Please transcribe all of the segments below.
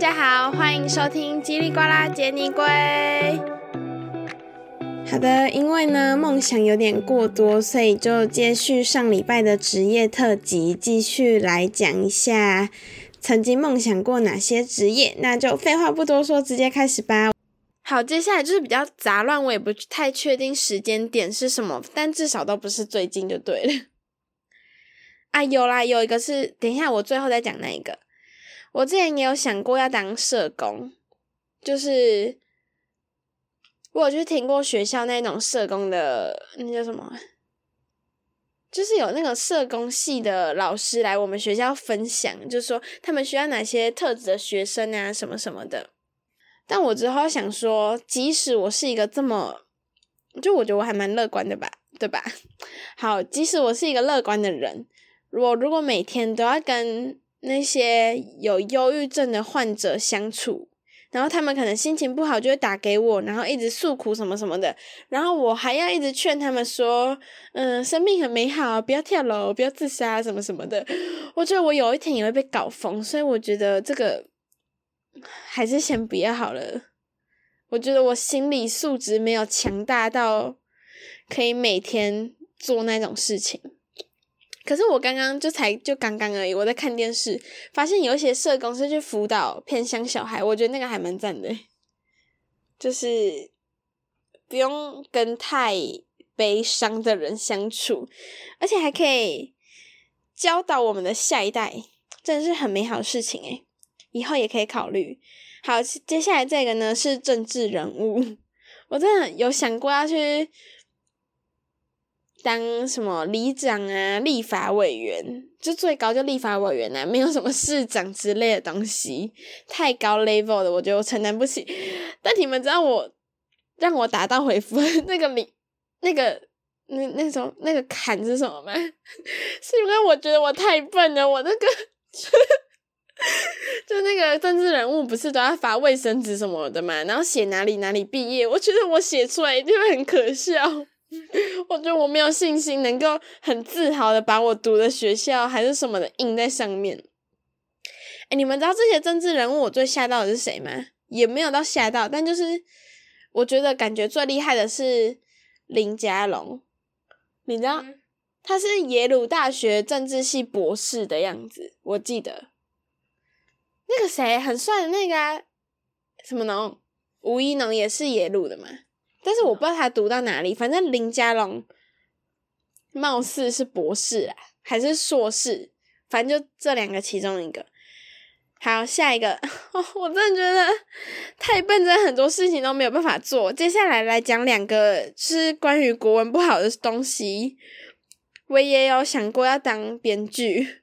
大家好，歡迎收聽《嘰里呱啦傑尼龜》。好的，因為呢夢想有點過多，所以就接續上禮拜的職業特輯，繼續來講一下曾經夢想過哪些職業。那就廢話不多說，直接開始吧。好，接下來就是比較雜亂，我也不太確定時間點是什麼，但至少都不是最近就對了。啊，有啦，有一個是，等一下我最後再講那一個。我之前也有想過要當社工，就是我有去聽過學校那種社工的那叫什麼，就是有那個社工系的老師來我們學校分享，就是說他們需要哪些特質的學生啊，什麼什麼的。但我之後想說，即使我是一個這麼，就我覺得我還蠻樂觀的吧，對吧？好，即使我是一個樂觀的人，我如果每天都要跟那些有憂鬱症的患者相處，然後他們可能心情不好就會打給我，然後一直訴苦什麼什麼的，然後我還要一直勸他們說，嗯，生命很美好，不要跳樓，不要自殺，什麼什麼的。我覺得我有一天也會被搞瘋，所以我覺得這個還是先不要好了。我覺得我心理素質沒有強大到可以每天做那種事情。可是我剛剛就才就剛剛而已，我在看電視，發現有一些社工是去輔導偏鄉小孩，我覺得那個還蠻讚的，就是不用跟太悲傷的人相處，而且還可以教導我們的下一代，真的是很美好的事情誒，以後也可以考慮。好，接下來這個呢是政治人物，我真的有想過要去。當什麼里長啊、立法委員，就最高就立法委員啊，沒有什麼市長之類的東西，太高 level 的，我覺得我承擔不起。但你們知道我讓我打道回府那個里那個那那種那個坎是什麼嗎？是因為我覺得我太笨了，我那個就，就那個政治人物不是都要發衛生紙什麼的嘛，然後寫哪裡哪裡畢業，我覺得我寫出來就會很可笑。 我覺得我沒有信心能夠很自豪的把我讀的學校還是什麼的印在上面。哎、欸，你們知道這些政治人物我最嚇到的是誰嗎？也沒有到嚇到，但就是我覺得感覺最厲害的是林佳龍，你知道他是耶魯大學政治系博士的樣子，我記得那個誰很帥的那個、啊、什麼農吳怡農也是耶魯的嘛。但是我不知道他讀到哪裡，反正林佳龍貌似，是博士啊，還是碩士，反正就這兩個其中一個。好，下一個，我真的覺得太笨真，真很多事情都沒有辦法做。接下來來講兩個，是關於國文不好的東西。我也有想過要當編劇。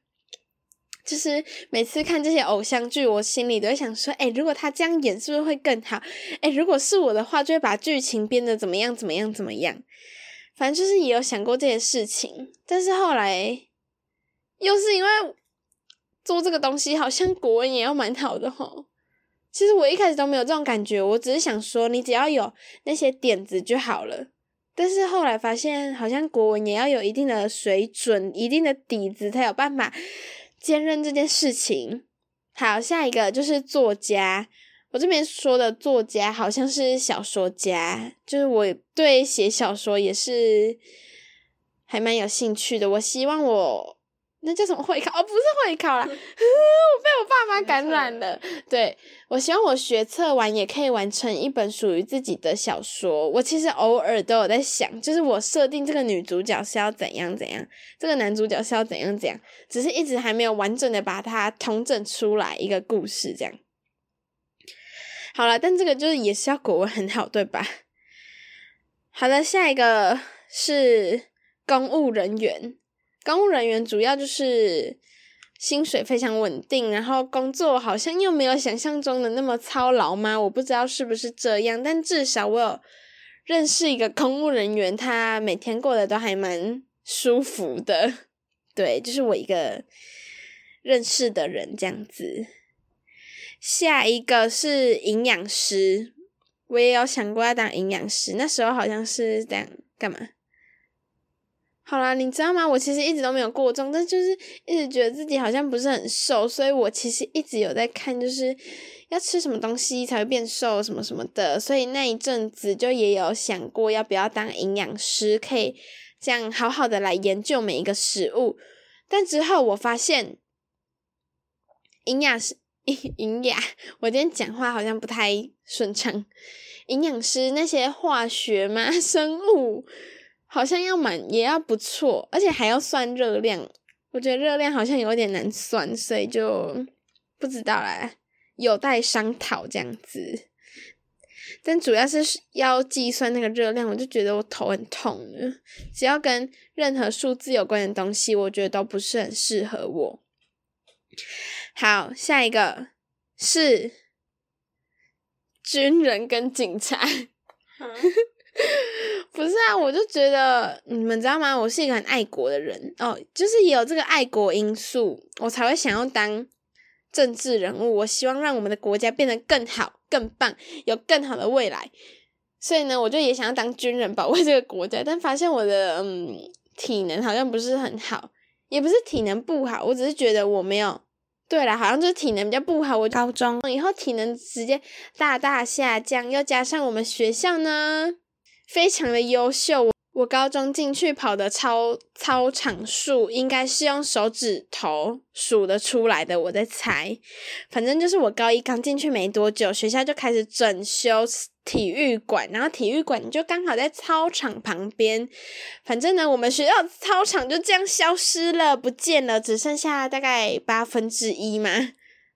就是每次看這些偶像劇，我心裡都會想說：“誒、欸、如果他這樣演，是不是會更好？”誒、欸、如果是我的話，就會把劇情編得怎麼樣、怎麼樣、怎麼樣。反正就是也有想過這些事情，但是後來又是因為做這個東西，好像國文也要蠻好的吼。其實我一開始都沒有這種感覺，我只是想說你只要有那些點子就好了。但是後來發現，好像國文也要有一定的水準、一定的底子，才有辦法。堅韌這件事情，好，下一個就是作家。我這邊說的作家好像是小說家，就是我對寫小說也是還蠻有興趣的。我希望我。那叫什麼會考哦？Oh, 不是會考啦， 我被我爸媽感染了。對，我希望我學測完也可以完成一本屬於自己的小說。我其實偶爾都有在想，就是我設定這個女主角是要怎樣怎樣，這個男主角是要怎樣怎樣，只是一直還沒有完整的把它統整出來一個故事這樣。好了，但這個就是也是要國文很好，對吧？好的，下一個是公務人員。公務人員主要就是薪水非常穩定，然後工作好像又沒有想象中的那麼操勞嘛，我不知道是不是這樣，但至少我有認識一個公務人員，他每天過得都還蠻舒服的。對，就是我一個認識的人這樣子。下一個是營養師，我也有想過要當營養師，那時候好像是這樣，幹嘛？好啦，你知道嗎？我其實一直都沒有過重，但就是一直覺得自己好像不是很瘦，所以我其實一直有在看，就是要吃什麼東西才會變瘦什麼什麼的。所以那一陣子就也有想過要不要當營養師，可以這樣好好的來研究每一個食物。但之後我發現營，營養師營養，我今天講話好像不太順暢。營養師那些化學嗎？生物？好像要買也要不錯，而且還要算熱量。我覺得熱量好像有點難算，所以就不知道啦，有待商討這樣子。但主要是要計算那個熱量，我就覺得我頭很痛。只要跟任何數字有關的東西，我覺得都不是很適合我。好，下一個是軍人跟警察。啊 不是啊，我就覺得你們知道嗎？我是一個很愛國的人哦，就是也有這個愛國因素，我才會想要當政治人物。我希望讓我們的國家變得更好、更棒，有更好的未來。所以呢，我就也想要當軍人保衛這個國家，但發現我的嗯體能好像不是很好，也不是體能不好，我只是覺得我沒有，對啦，好像就是體能比較不好。我高中以後體能直接大大下降，又加上我們學校呢。非常的優秀，我高中進去跑的操操場數，應該是用手指頭數得出來的，我在猜。反正就是我高一剛進去沒多久，學校就開始整修體育館，然後體育館就剛好在操場旁邊。反正呢，我們學校操場就這樣消失了，不見了，只剩下大概八分之一嘛。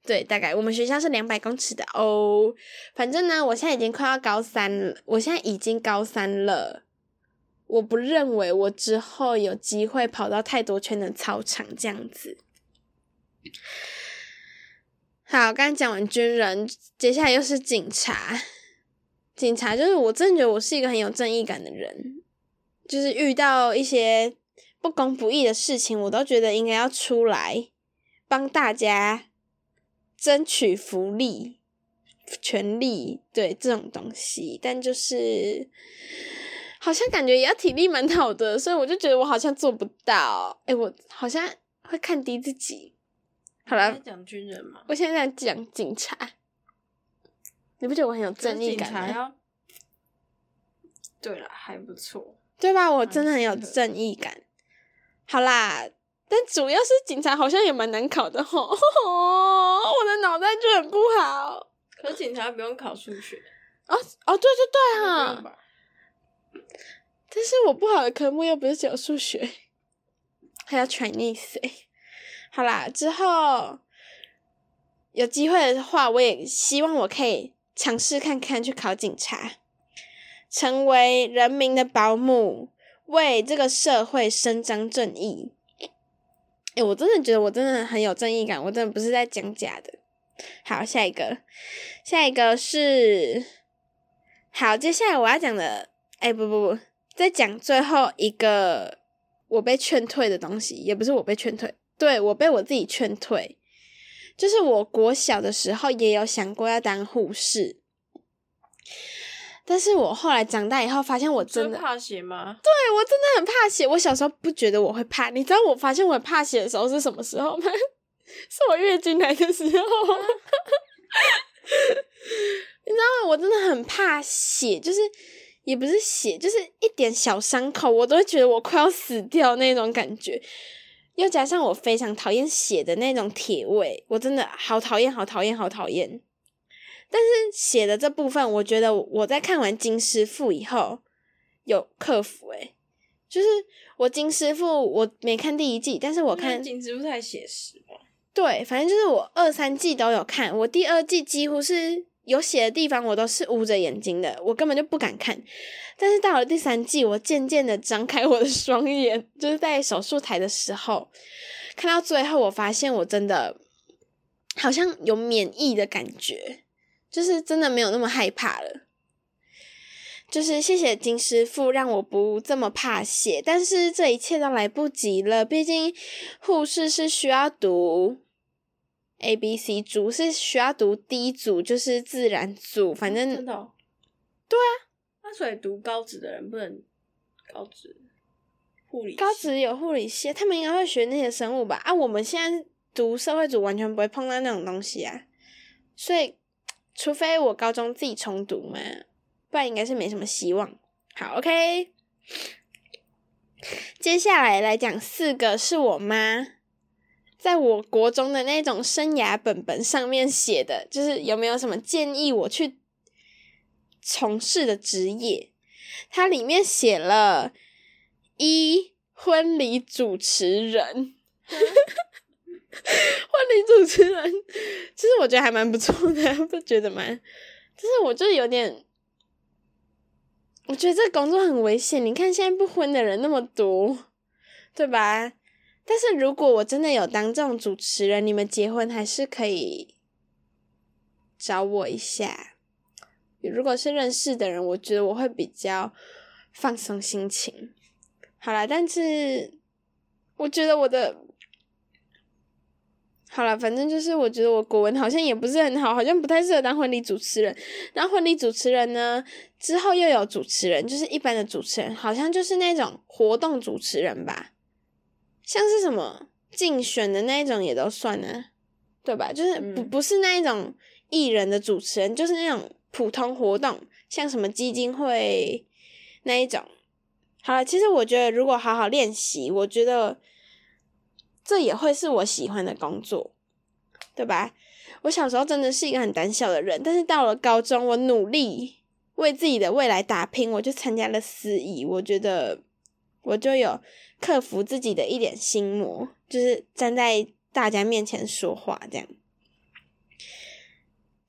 對，大概我們學校是兩百公尺的哦。反正呢，我現在已經快要高三了，我現在已經高三了。我不認為我之後有機會跑到太多圈的操場這樣子。好，剛講完軍人，接下來又是警察。警察就是我真的覺得我是一個很有正義感的人，就是遇到一些不公不義的事情，我都覺得應該要出來幫大家。爭取福利、權利，對這種東西，但就是好像感覺也要體力蠻好的，所以我就覺得我好像做不到。哎、欸，我好像會看低自己。好了，我現在講軍人嘛，我現在在講警察。你不覺得我很有正義感嗎？警察。對了，還不錯。對吧？我真的很有正義感。好啦。但主要是警察好像也蠻難考的哈、哦哦，我的腦袋就很不好。可警察不用考數學啊、哦？哦，對就對對哈。但是我不好的科目又不是只有數學，還要 Chinese、哎。好啦，之後有機會的話，我也希望我可以嘗試看看去考警察，成為人民的保姆，為這個社會伸張正義。哎、欸，我真的覺得我真的很有正義感，我真的不是在講假的。好，下一個，下一個是，好，接下來我要講的，哎、欸，不不不，再講最後一個我被勸退的東西，也不是我被勸退，對，我被我自己勸退，就是我國小的時候也有想過要當護士。但是我後來長大以後，發現我真的怕血嗎？對，我真的很怕血。我小時候不覺得我會怕，你知道我發現我怕血的時候是什麼時候嗎？是我月經來的時候。你知道我真的很怕血，就是也不是血，就是一點小傷口，我都會覺得我快要死掉那種感覺。又加上我非常討厭血的那種鐵味，我真的好討厭，好討厭，好討厭。但是血的這部分，我覺得我在看完金師傅以後有克服誒、欸，就是我金師傅我沒看第一季，但是我看金師傅太寫實了。對，反正就是我二三季都有看，我第二季幾乎是有血的地方，我都是捂着眼睛的，我根本就不敢看。但是到了第三季，我漸漸的張開我的雙眼，就是在手術台的時候看到最後，我發現我真的好像有免疫的感覺。就是真的沒有那麼害怕了，就是謝謝金師傅讓我不這麼怕血。但是這一切都來不及了，畢竟護士是需要讀 A、B、C 組，是需要讀 D 組，就是自然組。反正，嗯、真的，哦，對啊，那，啊、所以讀高職的人不能高職護理，高職有護理系，理系、啊，他們應該會學那些生物吧？啊，我們現在讀社會組，完全不會碰到那種東西啊，所以。除非我高中自己重讀嘛，不然應該是沒什麼希望。好，OK。接下來來講四個是我媽，在我國中的那種生涯本本上面寫的，就是有沒有什麼建議我去從事的職業，它裡面寫了一婚禮主持人。嗯 婚禮 主持人，其實我覺得還蠻不錯的，不覺得嗎？就是我就有點，我覺得這工作很危險。你看現在不婚的人那麼多，對吧？但是如果我真的有當這種主持人，你們結婚還是可以找我一下。如果是認識的人，我覺得我會比較放鬆心情。好了，但是我覺得我的。好了，反正就是我覺得我國文好像也不是很好，好像不太適合當婚禮主持人。然後婚禮主持人呢，之後又有主持人，就是一般的主持人，好像就是那種活動主持人吧，像是什麼競選的那種也都算呢，對吧？就是不、嗯、不是那一種藝人的主持人，就是那種普通活動，像什麼基金會那一種。好了，其實我覺得如果好好練習，我覺得。這也會是我喜歡的工作，對吧？我小時候真的是一個很膽小的人，但是到了高中，我努力為自己的未來打拼，我就參加了司儀。我覺得我就有克服自己的一點心魔，就是站在大家面前說話這樣。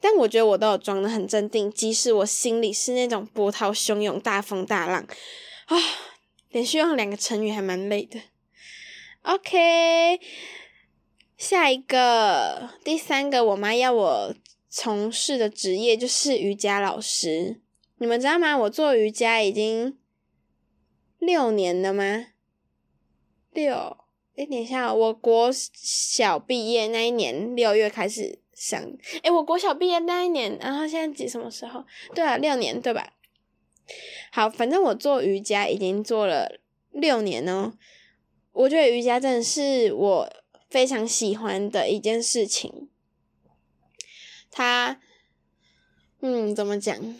但我覺得我都有裝得很鎮定，即使我心裡是那種波濤洶湧、大風大浪啊、哦。連續用兩個成語還蠻累的。OK，下一個，第三個，我媽要我從事的職業就是瑜伽老師。你們知道嗎？我做瑜伽已經六年了嗎？六？哎，等一下，我國小畢業那一年六月開始想，哎，我國小畢業那一年，然後現在幾什麼時候？對啊，六年，對吧？好，反正我做瑜伽已經做了六年哦。我覺得瑜伽真的是我非常喜歡的一件事情。他嗯，怎麼講？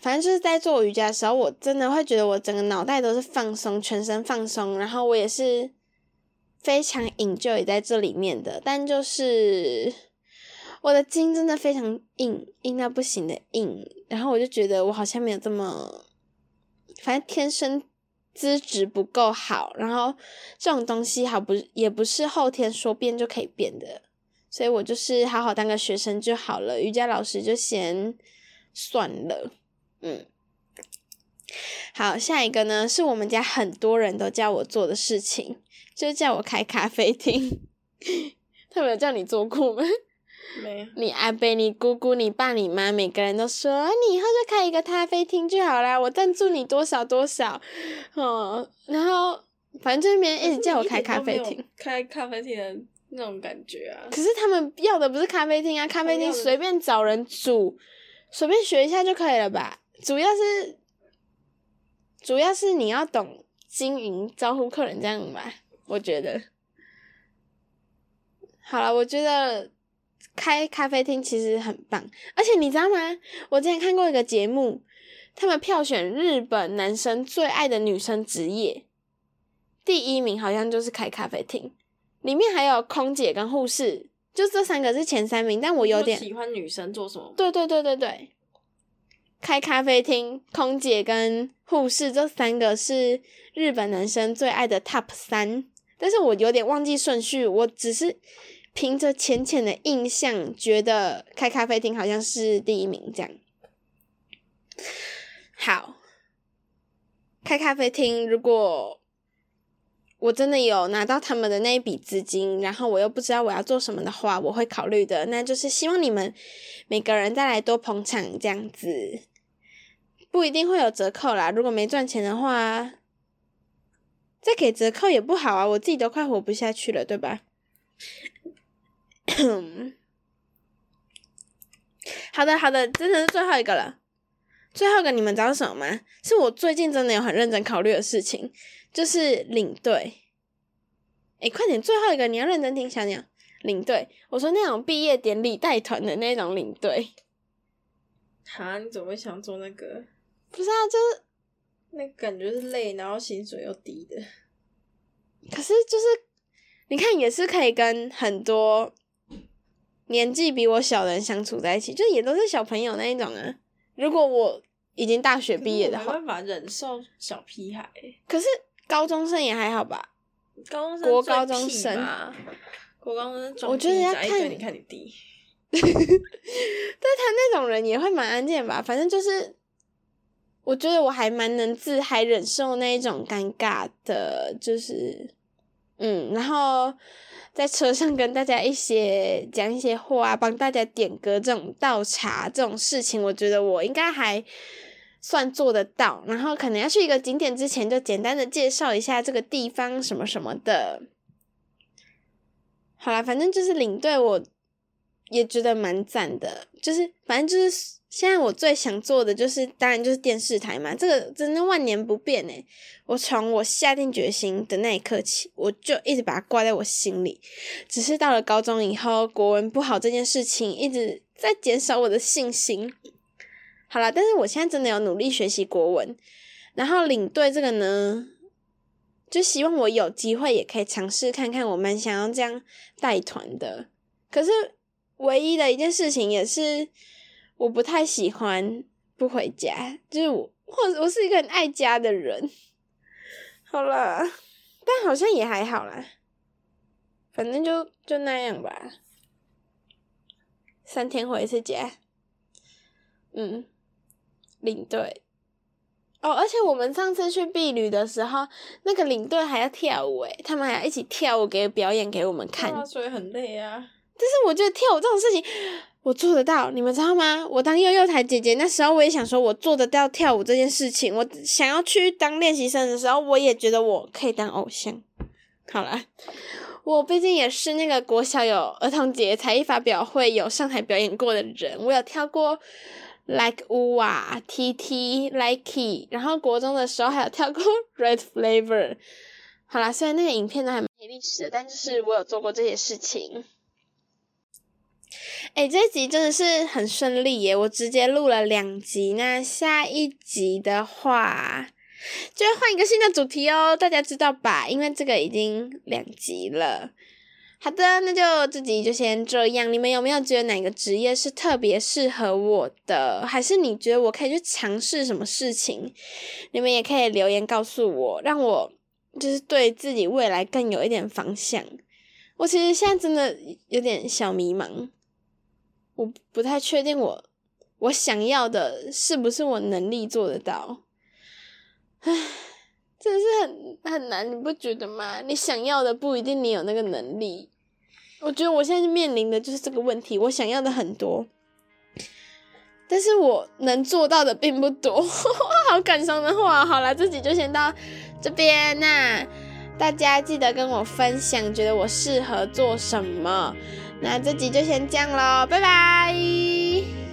反正就是在做瑜伽的時候，我真的會覺得我整個腦袋都是放鬆，全身放鬆。然後我也是非常 enjoy 在這裡面的。但就是我的筋真的非常硬，硬到不行的硬。然後我就覺得我好像沒有這麼，反正天生。資質不夠好，然後這種東西好不也不是後天說變就可以變的，所以我就是好好當個學生就好了。瑜伽老師就先算了，嗯。好，下一個呢，是我們家很多人都叫我做的事情，就是叫我開咖啡廳。 他沒有叫你做過嗎？沒有，你阿伯、你姑姑、你爸、你媽，每個人都說你以後就開一個咖啡廳就好了，啊，我贊助你多少多少，哦，嗯，然後反正別人一直叫我開咖啡廳，開咖啡廳的那種感覺啊。可是他們要的不是咖啡廳啊，咖啡廳隨便找人煮，隨便學一下就可以了吧？主要是主要是你要懂經營，招呼客人這樣嘛，我覺得。好了，我覺得。開咖啡廳其實很棒，而且你知道嗎？我之前看過一個節目，他們票選日本男生最愛的女生職業，第一名好像就是開咖啡廳，裡面還有空姐跟護士，就這三個是前三名。但我有點……你喜歡女生做什麼？對對對對對，開咖啡廳、空姐跟護士這三個是日本男生最愛的 Top 三，但是我有點忘記順序，我只是。憑着淺淺的印象，覺得開咖啡廳好像是第一名這樣。好，開咖啡廳，如果我真的有拿到他們的那一筆資金，然後我又不知道我要做什麼的話，我會考慮的。那就是希望你們每個人再來多捧場，這樣子不一定會有折扣啦。如果沒賺錢的話，再給折扣也不好啊，我自己都快活不下去了，對吧？ 好的，好的，真的是最後一個了。最後一個，你們知道是什麼嗎？是我最近真的有很認真考慮的事情，就是領隊。哎、欸，快點，最後一個，你要認真聽，小鳥，領隊。我說那種畢業典禮帶團的那種領隊。哈，你怎麼會想做那個？不知道、啊，就是那感覺是累，然後薪水又低的。可是就是，你看也是可以跟很多。年紀比我小的人相處在一起，就也都是小朋友那一種啊。如果我已經大學畢業的話，我沒辦法忍受小屁孩。可是高中生也還好吧？高中生國高中生，國高中生中，我覺得要看你看你弟。 但他那種人也會蠻安靜吧？反正就是，我覺得我還蠻能自嗨忍受那一種尷尬的，就是。嗯，然後在車上跟大家一些講一些話，幫大家點歌這種，倒茶這種事情，我覺得我應該還算做得到。然後可能要去一個景點之前，就簡單的介紹一下這個地方什麼什麼的。好啦，反正就是領隊，我也覺得蠻讚的，就是反正就是。現在我最想做的就是，當然就是電視台嘛，這個真的萬年不變誒，我從我下定決心的那一刻起，我就一直把它掛在我心裡。只是到了高中以後，國文不好這件事情一直在減少我的信心。好啦，但是我現在真的有努力學習國文，然後領隊這個呢，就希望我有機會也可以嘗試看看我，我蠻想要這樣帶團的。可是唯一的一件事情也是。我不太喜歡不回家，就是我或者我是一個很愛家的人，好了，但好像也還好啦，反正就就那樣吧，三天回一次家，嗯，領隊，哦，而且我們上次去畢旅的時候，那個領隊還要跳舞哎、欸，他們還要一起跳舞給表演給我們看，啊、所以很累啊。但是我覺得跳舞這種事情，我做得到，你們知道嗎？我當幼幼台姐姐那時候，我也想說，我做得到跳舞這件事情。我想要去當練習生的時候，我也覺得我可以當偶像。好啦，我畢竟也是那個國小有兒童節才藝發表會有上台表演過的人，我有跳過 Like Uwa TT Likey，然後國中的時候還有跳過 Red Flavor。好啦，雖然那個影片都還蠻有歷史的，但是我有做過這些事情。哎、欸，這一集真的是很順利耶！我直接錄了兩集，那下一集的話，就會換一個新的主題哦，大家知道吧？因為這個已經兩集了。好的，那就這集就先這樣。你們有沒有覺得哪個職業是特別適合我的？還是你覺得我可以去嘗試什麼事情？你們也可以留言告訴我，讓我就是對自己未來更有一點方向。我其實現在真的有點小迷茫。我不太確定我我想要的是不是我能力做得到，唉，真的是很很難，你不覺得嗎？你想要的不一定你有那個能力。我覺得我現在面臨的就是這個問題，我想要的很多，但是我能做到的並不多。 好感傷的話，好了，自己就先到這邊那，啊，大家記得跟我分享，覺得我適合做什麼。那這集就先這樣嘍，拜拜。